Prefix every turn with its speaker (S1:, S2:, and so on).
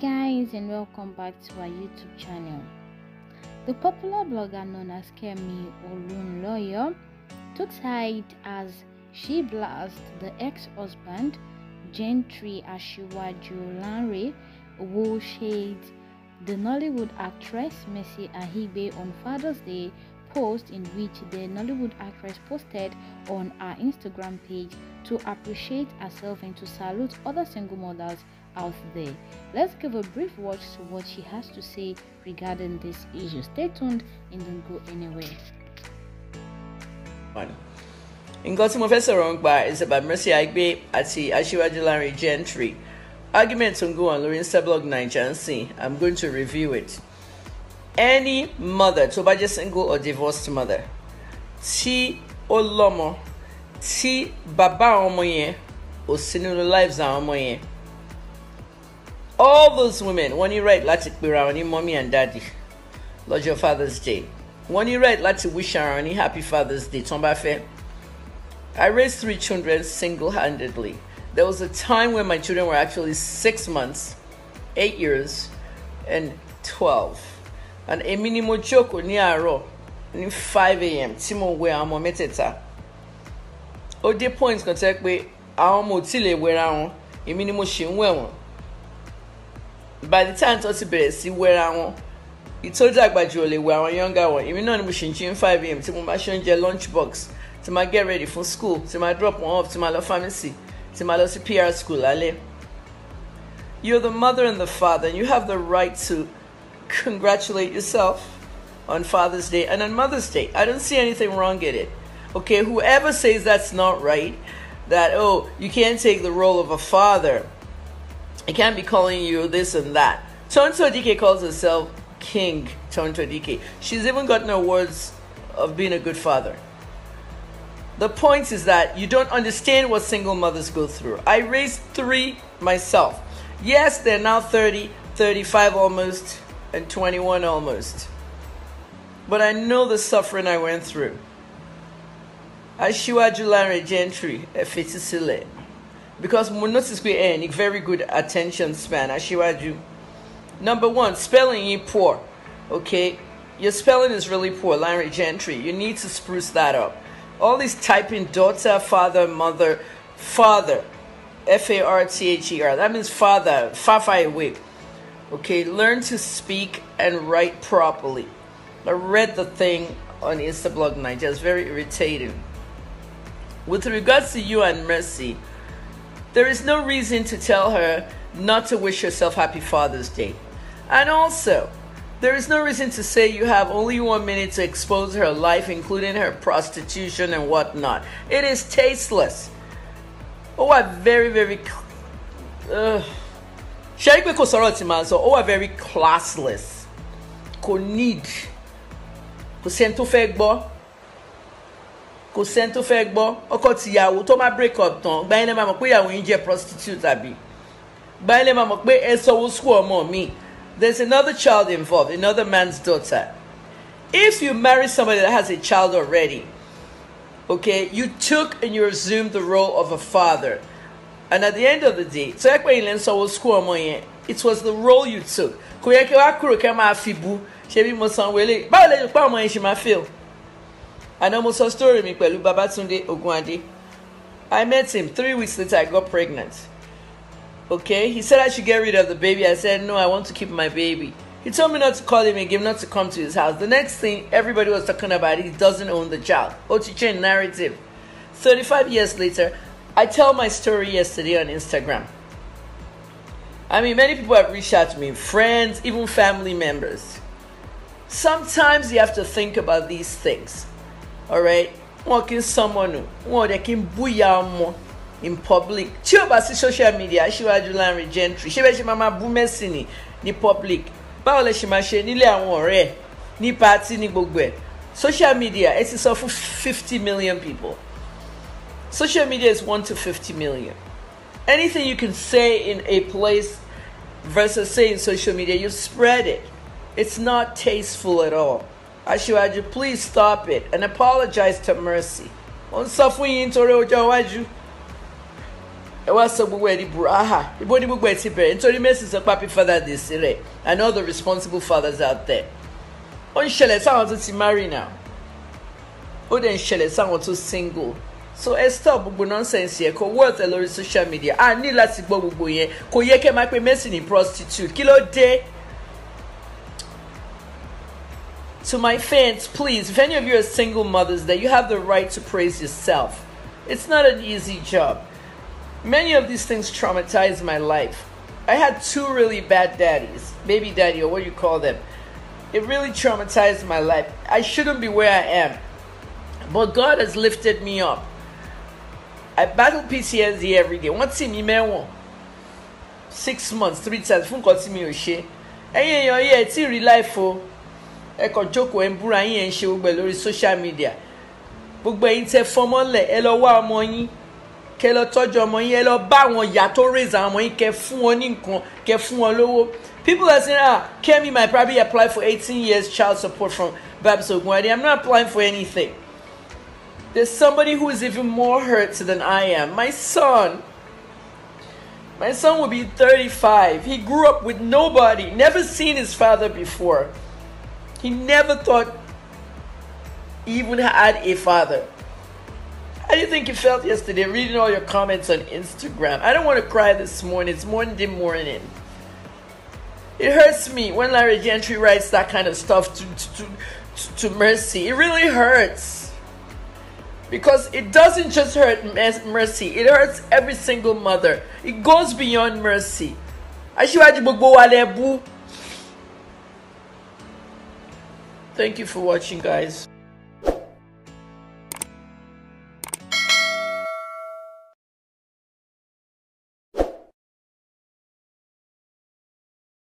S1: guys and welcome back to our YouTube channel. The popular blogger known as Kemi Olunloyo took side as she blasted the ex-husband Gentry Ashiwaju Lanre who shade the Nollywood actress Mercy Ahibe on Father's Day post in which the Nollywood actress posted on her Instagram page to appreciate herself and to salute other single mothers out there. Let's give a brief watch to what she has to say regarding this issue. Stay tuned and don't go anywhere. Fine. nǹkan tí mo fẹ́ sọ̀rọ̀ ń pa is about Mercy Aigbe àti Aṣíwájú Lanre Gentry argument to go on lórí Instablog Naija ń sìn I'm going to review it. Any mother tó bá jẹ́ single or divorced mother tí ó lọ́mọ tí bàbá àwọn ọmọ yẹn ò sí lives àwọn ọmọ yẹn all those women wọ́n ní right láti pera wọn ní mommy and daddy lọ́jọ́ father's day wọ́n ní right láti wish ara wọn ní happy father's day tán bá fẹ́. I raised three children single-handedly. There was a time when my children were actually six months, eight years, and 12. And èmi ni mo jókòó ni àárọ̀ ní 5 a.m. tí mo wẹ àwọn ọmọ mẹ́tẹ̀ẹ̀ta. Ó dé point kan tẹ́ pé àwọn ọmọ ò tí lè wẹra wọn, èmi ni mo ṣe ń wẹ̀ wọ́n. by the time i ti bẹ̀rẹ̀ sí wẹ́ra wọn ìtọ́jú àgbàjù ò lè wẹ are yọ̀ǹgà wọn younger one, even though ṣì five am tí mo máa ṣe oúnjẹ lunch box get ready for school to máa drop wọn off to my lọ pharmacy to my lọ PR school you You're the mother and the father and you have the right to congratulate yourself on Father's Day and on Mother's Day. I don't see anything wrong in it. Okay, whoever says that's not right, that, oh, you can't take the role of a father I can't be calling you this and that. Chonto DK calls herself King Chonto DK. She's even gotten awards of being a good father. The point is that you don't understand what single mothers go through. I raised three myself. Yes, they're now 30, 35 almost, and 21 almost. But I know the suffering I went through. Ashiwa Julare Gentry, Efitisile, because Munotis a very good attention span, Ashiwaju. Number one, spelling is poor, okay? Your spelling is really poor, Larry Gentry. You need to spruce that up. All these typing daughter, father, mother, father, F A R T H E R, that means father, Fafa away. Okay, learn to speak and write properly. I read the thing on Insta blog night. it's very irritating. With regards to you and Mercy, there is no reason to tell her not to wish yourself Happy Father's Day. And also, there is no reason to say you have only one minute to expose her life, including her prostitution and whatnot. It is tasteless. Oh, I very very ṣe é pé Oh, I very classless kò need kò sẹ́ni tó kò sẹ́ni tó fẹ́ gbọ́ ọkọ tìyàwó tó máa break up tán gbáyé lè máa mọ̀ pé ìyàwó yín jẹ́ prostitute àbí gbáyé lè máa mọ̀ pé ẹ sọ owó school ọmọ mi there's another child involved another man's daughter if you marry somebody that has a child already okay you took and you assumed the role of a father and at the end of the day so yẹ pé ilẹ̀ ń sọ owó school ọmọ yẹn it was the role you took kò yẹ kí wàá kúrò kẹ́ máa fi ṣe bí mo sanwó eléyìí báwo lè yọ ọmọ yẹn ṣe máa fail àná mo sọ story mi pẹ̀lú Babatunde Ogunade I met him three weeks later I got pregnant okay he said I should get rid of the baby I said no I want to keep my baby he told me not to call him again not to come to his house the next thing everybody was talking about he doesn't own the child Chen narrative 35 years later I tell my story yesterday on Instagram I mean, many people have reached out to me, friends, even family members. Sometimes you have to think about these things alright wọn kì í sọmọnù wọn dẹ kí n búyà ọmọ in public tí o bá sí social media aṣíwájú láàrin gentry ṣé bẹ́ẹ̀ ṣe máa máa bú mẹ́sìn ní ní public báwo lẹ ṣe máa ṣe nílé àwọn ọ̀rẹ́ ẹ̀ ní party ní gbogbo ẹ̀ social media ẹ ti sọ fún fifty million people social media is one to fifty million anything you can say in a place versus saying social media you spread it it's not tasteful at all. aṣíwájú please stop it and apologize to mercy ó ń sọ fún yín nítorí ọjọ́ iwájú ẹ wá sọ gbogbo ẹ di buraha ibo ni gbogbo ẹ ti bẹ̀rẹ̀ nítorí mercy sọ pé father day sílẹ̀ and all the responsible fathers out there ó ń ṣẹlẹ̀ sáwọn tó ti marry now ó dẹ̀ ń ṣẹlẹ̀ sáwọn tó single so ẹ stop gbogbo nonsense yẹn kò wọ́ọ̀tẹ̀ lórí social media a ní láti gbọ́ gbogbo yẹn kò yẹ kẹ́ máa pe mercy ní prostitute kí ló dé. To my fans, please, if any of you are single mothers, that you have the right to praise yourself. It's not an easy job. Many of these things traumatized my life. I had two really bad daddies, baby daddy, or what you call them. It really traumatized my life. I shouldn't be where I am. But God has lifted me up. I battle PTSD every day. Wọ́n tì mí mẹ́wọ̀n six months in mi 6 ṣe. Ẹ̀yin èèyàn yìí ẹ̀ tí ì life oh ẹ kàn jókòó ẹ ń búra yín ẹ ń ṣe gbogbo ẹ lórí social media gbogbo ẹ̀yin tẹ fọmọlẹ ẹ lọ wá ọmọ yín kẹ lọ tọ́jú ọmọ yín ẹ lọ bá àwọn ìyá tó raise àwọn ọmọ yín kẹ fún wọn ní nǹkan kẹ fún wọn lówó people are saying ah Kemi might probably apply for eighteen years child support from Babs Ogunwade I'm not applying for anything there's somebody who is even more hurt than I am my son my son will be 35 he grew up with nobody never seen his father before. He never thought he even had a father. How do you think you felt yesterday reading all your comments on Instagram? I don't want to cry this morning. It's Monday morning. It hurts me when Larry Gentry writes that kind of stuff to, to, to, to Mercy. It really hurts. Because it doesn't just hurt Mercy, it hurts every single mother. It goes beyond Mercy. should have wa lẹ bú. Thank you for watching guys.